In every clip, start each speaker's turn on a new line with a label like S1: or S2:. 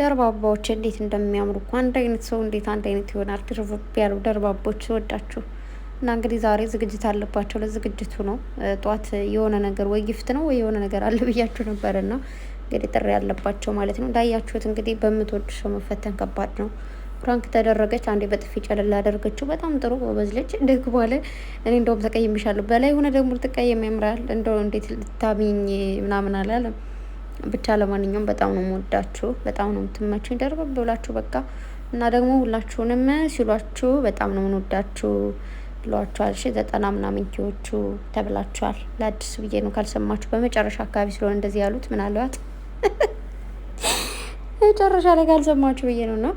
S1: ደርባባዎች እንዴት እንደሚያምሩ እኮ አንድ አይነት ሰው እንዴት አንድ አይነት ይሆናል? ድርብብ ያሉ ደርባባዎች ወዳችሁ እና እንግዲህ ዛሬ ዝግጅት አለባቸው። ለዝግጅቱ ነው ጠዋት የሆነ ነገር ወይ ጊፍት ነው ወይ የሆነ ነገር አለ ብያችሁ ነበር። እና እንግዲህ ጥሪ ያለባቸው ማለት ነው። እንዳያችሁት እንግዲህ በምትወድ ሰው መፈተን ከባድ ነው። ፕራንክ ተደረገች። አንዴ በጥፊ ጨለላ አደረገችው። በጣም ጥሩ ጎበዝ ልጅ ደግሞ አለ እኔ እንደውም ተቀይሜሻለሁ በላይ ሆነ ደግሞ ልትቀየም ያምራል። እንደው እንዴት ልታምኝ ምናምን አላለም ብቻ ለማንኛውም በጣም ነው የምወዳችሁ፣ በጣም ነው የምትመችኝ። ደርበብ ብላችሁ በቃ እና ደግሞ ሁላችሁንም ሲሏችሁ በጣም ነው የምንወዳችሁ ብሏችኋል። እሺ ዘጠና ምናምን ኪዎቹ ተብላችኋል። ለአዲስ ብዬ ነው ካልሰማችሁ፣ በመጨረሻ አካባቢ ስለሆነ እንደዚህ ያሉት ምናልባት መጨረሻ ላይ ካልሰማችሁ ብዬ ነው ነው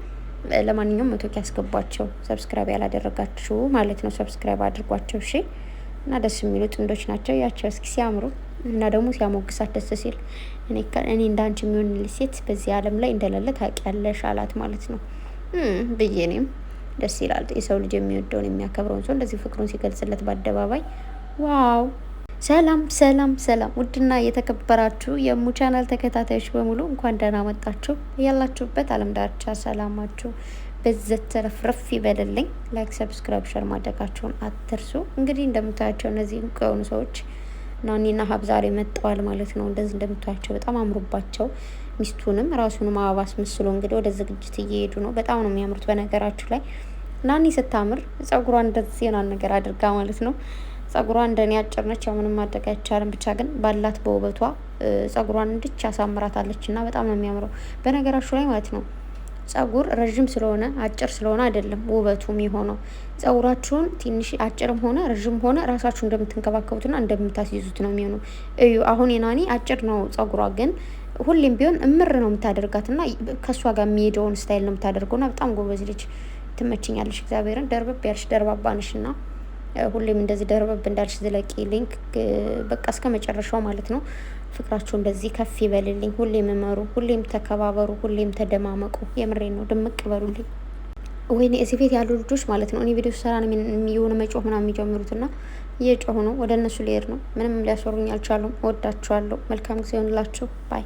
S1: ለማንኛውም መቶ ኪ ያስገቧቸው። ሰብስክራይብ ያላደረጋችሁ ማለት ነው ሰብስክራይብ አድርጓቸው። እሺ እና ደስ የሚሉ ጥንዶች ናቸው። ያቸው እስኪ ሲያምሩ እና ደግሞ ሲያሞግሳት ደስ ሲል እኔ እንደ አንቺ የሚሆን ሴት በዚህ ዓለም ላይ እንደሌለ ታውቂያለሽ አላት ማለት ነው ብዬ እኔም ደስ ይላል። የሰው ልጅ የሚወደውን የሚያከብረውን ሰው እንደዚህ ፍቅሩን ሲገልጽለት በአደባባይ ዋው! ሰላም ሰላም ሰላም! ውድና የተከበራችሁ የሙ ቻናል ተከታታዮች በሙሉ እንኳን ደህና መጣችሁ። ያላችሁበት አለም ዳርቻ ሰላማችሁ በዘት ተረፍረፍ ይበልልኝ። ላይክ፣ ሰብስክራይብ፣ ሸር ማድረጋችሁን አትርሱ። እንግዲህ እንደምታያቸው እነዚህ እንቁ የሆኑ ሰዎች ነው። እኔና ሀብ ዛሬ ማለት ነው። እንደዚህ እንደምታያቸው በጣም አምሮባቸው ሚስቱንም ራሱንም አበባ አስመስሎ እንግዲህ ወደ ዝግጅት እየሄዱ ነው። በጣም ነው የሚያምሩት በነገራችሁ ላይ ናኒ ስታምር ጸጉሯ እንደዚህ ዜናን ነገር አድርጋ ማለት ነው። ጸጉሯ እንደኔ አጭር ነች። ያው ምንም ማድረግ አይቻልም። ብቻ ግን ባላት በውበቷ ጸጉሯን እንድች ያሳምራታለች እና በጣም ነው የሚያምረው በነገራችሁ ላይ ማለት ነው። ጸጉር ረዥም ስለሆነ አጭር ስለሆነ አይደለም ውበቱ የሚሆነው። ጸጉራችሁን ትንሽ አጭርም ሆነ ረዥም ሆነ ራሳችሁ እንደምትንከባከቡትና እንደምታስይዙት ነው የሚሆነው። እዩ አሁን የናኒ አጭር ነው ጸጉሯ ግን ሁሌም ቢሆን እምር ነው የምታደርጋት እና ከእሷ ጋር የሚሄደውን ስታይል ነው የምታደርገውና በጣም ጎበዝ ልጅ ትመችኛለሽ። እግዚአብሔርን ደርበብ ያልሽ ደርባባ ነሽ ሁሌም እንደዚህ ደርበብ እንዳልሽ ዝለቂ ሊንክ በቃ እስከ መጨረሻው ማለት ነው። ፍቅራችሁ እንደዚህ ከፍ ይበልልኝ። ሁሌም እመሩ፣ ሁሌም ተከባበሩ፣ ሁሌም ተደማመቁ። የምሬ ነው። ድምቅ በሉልኝ። ወይኔ እዚህ ቤት ያሉ ልጆች ማለት ነው እኔ ቪዲዮ ስራ የሆነ መጮህ ምናምን ና እየጮሁ ነው። ወደ እነሱ ሊሄድ ነው። ምንም ሊያስወሩኝ አልቻሉም። ወዳችኋለሁ። መልካም ጊዜ ሆንላችሁ ባይ